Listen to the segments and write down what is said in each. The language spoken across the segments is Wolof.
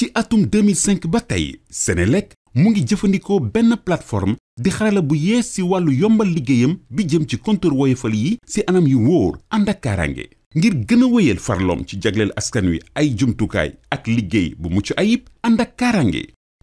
ci atum 2005 ba tey lekk mu ngi jëfandikoo benn plateforme di xarala bu yées ci wàllu yombal liggéeyam bi jëm ci compteur woyofal yi ci anam yu wóor ànd ak kaaraange ngir gën a wéyal farloom ci jagleel askan wi ay jumtukaay ak liggéey bu mucc ayib ànd ak kaaraange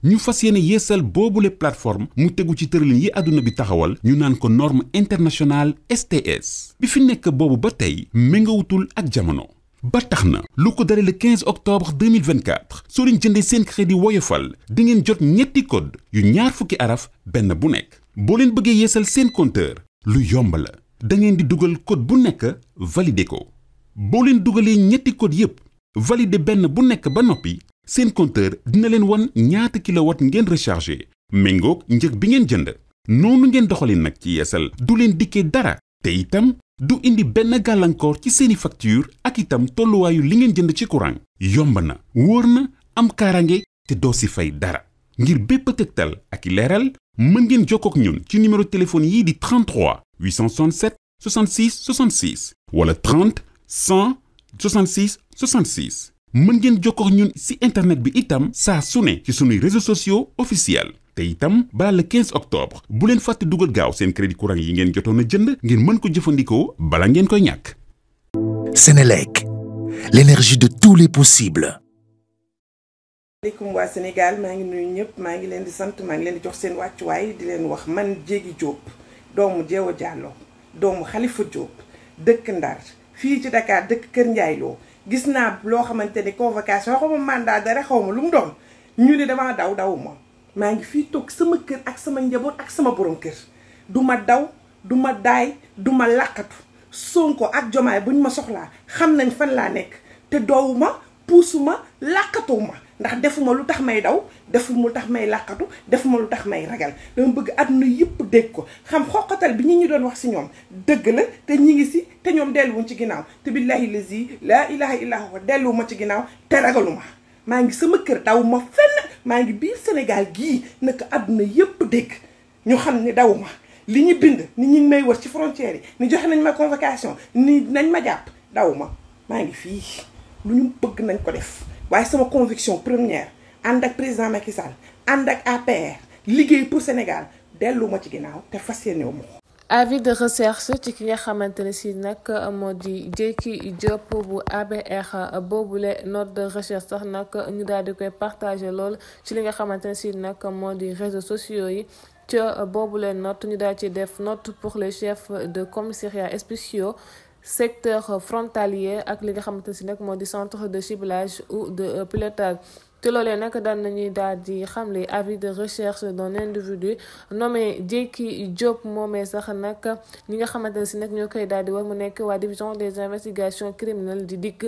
ñu fas yéene boobu le plateforme mu tegu ci tëralin yi àdduna bi taxawal ñu naan ko norme internationale STS bi fi nekk boobu ba tey méngawutul ak jamono. ba tax na lu ko dale le 15 octobre 2024 soo leen jëndee seen crédit woyofal di ngeen jot ñetti code yu ñaar fukki araf benn bu nekk boo leen bëggee yeesal seen compteur lu yomb la da ngeen di dugal code bu nekk validé ko boo leen dugalee ñetti code yépp validé benn bu nekk ba noppi seen compteur dina leen wan ñaata kilowatt ngeen rechargé méngoog njëg bi ngeen jënd noonu ngeen doxalee nag ci yeesal du leen dikkee dara te itam du indi benn gàllankoor ci seeni facture ak itam tolluwaayu li ngeen jënd ci courant yomb na wóor na am kaarange te doo si fay dara ngir bépp tegtal ak i leeral mën ngeen jokkook ñun ci numéro téléphone yii di 33 867 66 66 wala 30 100 66 66 mën ngeen jokkook ñun si internet bi itam saa su ne ci sunuy réseaux sociaux officiels te itam balaa le 15 octobre bu leen fàtte dugal gaaw seen crédit courant yi ngeen jotoon a jënd ngir mën ko jëfandikoo bala ngeen koy ñàkk. Sénélec, l'énergie de tous les possibles. maaleykum waa Sénégal maa ngi nuyu ñëpp maa ngi leen di sant maa ngi leen di jox seen wàccuwaay di leen wax man Jéegi Diop doomu Jeewo Diallo doomu Khalifa Diop dëkk Ndar fii ci Dakar dëkk Kër Ndiaye Lo gis naa loo xamante ni convacation xaw ma mandat dara xaw ma lu mu doon ñu ne damaa maa ngi fii toog sama kër ak sama njaboot ak sama borom kër du ma daw du ma daay du ma làqatu Sonko ak Jomaay ñu ma soxlaa xam nañ fan laa nekk te doowuma puusuma làqatuwuma ndax defuma lu tax may daw defuma lu tax may làqatu defuma lu tax may ragal dama bëgg àdduna yëpp dégg ko xam xoqatal bi ñi ñu doon wax si ñoom dëgg la te ñi ngi si te ñoom delluwuñ ci ginnaaw te billahi lazi laa ilaha illa huwa delluwuma ci ginnaaw te ragaluma maa ngi sama kër daw ma fenn maa ngi biir Sénégal gii naka àdduna yépp dégg ñu xam ni ma li ñu bind ni ñu may wër ci frontière yi ni joxe nañ ma convocation ni nañ ma jàpp ma maa ngi fii lu ñu bëgg nañ ko def waaye sama conviction première ànd ak président Macky Sall ànd ak APR liggéey pour Sénégal dellu ma ci ginnaaw te fas yéene wu ma ko avis de recherche ci ki nga xamante ne si nag moo di Dieyki Diop bu ABR boobule not de recherche sax nag ñu daal di koy partagé lool ci li nga xamante ne si nag moo di réseaux sociaux yi. ca boobu leen note ñu daal ci def note pour les chefs de commissariat spéciaux secteur frontalier ak li nga xamante ne si nag moo di centre de ciblage ou de pilotage te loolee nag daan nañuy daal di xamle avis de recherche d'un individu nommé Dieki Diop moomee sax nag ñi nga xamante ne si nag ñoo koy daal di war mu nekk waa division des investigations criminelles di dikk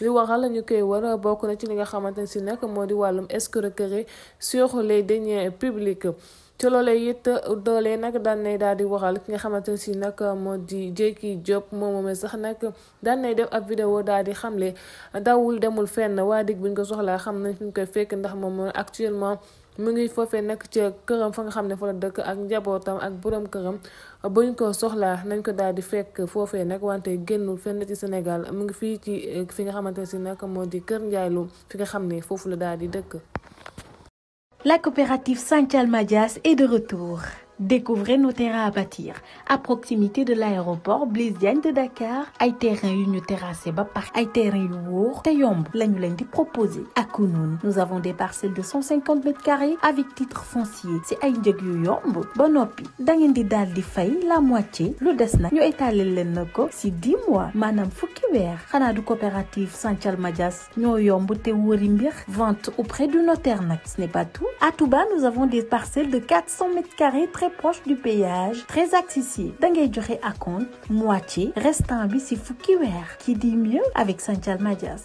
li waral ñu koy war bokk na ci li nga xamante ne si nag moo di wàllum escroquerie sur les deniers publics ci loolee it doolee nag daan nay daal di waxal ki nga xamante ne si nag moo di Dieyki Diop moom moomee sax nag daan nay def ab vidéo daal di xamle dawul demul fenn waa dig buñ ko soxlaa xam nañ fi ñu fekk ndax moom moom actuellement mu ngi foofee nag ci këram fa nga xam ne fa la dëkk ak njabootam ak borom këram buñ ko soxlaa nañ ko daal di fekk foofee nag wante génnul fenn ci Sénégal mu ngi fii ci fi nga xamante ne si nag moo di Kër njaay Lo fi nga xam ne foofu la daal di dëkk. La coopérative Santial Madias est de retour. Découvrez nos terrains à bâtir à proximité de l'aéroport Blaise Diagne de Dakar ay terrain yu ñu terrassé ba pare ay terrain yu wóor te yomb lañu leen di proposer ak Kounoune nous avons des parcelles de 150 mètres carrés avec titre foncier si ay njëg yu yomb ba noppi da ngeen di daal di fay la moitié lu des nag ñu étaler leen na ko ci 10 mois maanaam fukki weer xanaa du coopérative Santhial Madias ñoo yomb te wëri mbir vente auprès du notaire nag ce n'est pas tout à Touba nous avons des parcelles de 400 mètres carrés très très proche du péage très accessible da ngay joxe acompte moitié restant bi si fukki weer qui dit mieux avec Santhialma Dias